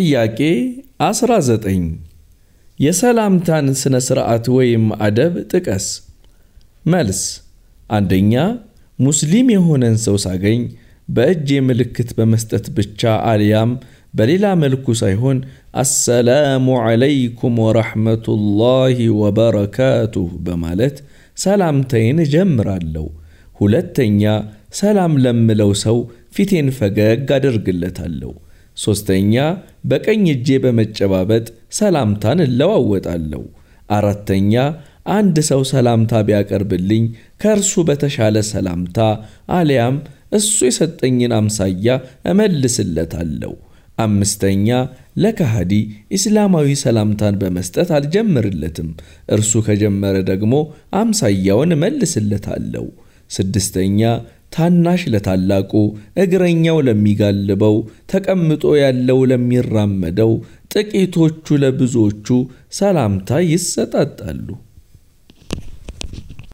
ጥያቄ 19 የሰላምታን ሥነ ሥርዓት ወይም አደብ ጥቀስ። መልስ፣ አንደኛ ሙስሊም የሆነን ሰው ሳገኝ በእጅ ምልክት በመስጠት ብቻ አልያም በሌላ መልኩ ሳይሆን አሰላሙ ዐለይኩም ወረሕመቱላሂ ወበረካቱሁ በማለት ሰላምታዬን እጀምራለሁ። ሁለተኛ ሰላም ለምለው ሰው ፊቴን ፈገግ አደርግለታለሁ። ሦስተኛ፣ በቀኝ እጄ በመጨባበጥ ሰላምታን እለዋወጣለሁ። አራተኛ፣ አንድ ሰው ሰላምታ ቢያቀርብልኝ ከእርሱ በተሻለ ሰላምታ አሊያም እሱ የሰጠኝን አምሳያ እመልስለታለሁ። አምስተኛ፣ ለካሃዲ ኢስላማዊ ሰላምታን በመስጠት አልጀምርለትም። እርሱ ከጀመረ ደግሞ አምሳያውን እመልስለታለሁ። ስድስተኛ ታናሽ ለታላቁ፣ እግረኛው ለሚጋልበው፣ ተቀምጦ ያለው ለሚራመደው፣ ጥቂቶቹ ለብዙዎቹ ሰላምታ ይሰጣጣሉ።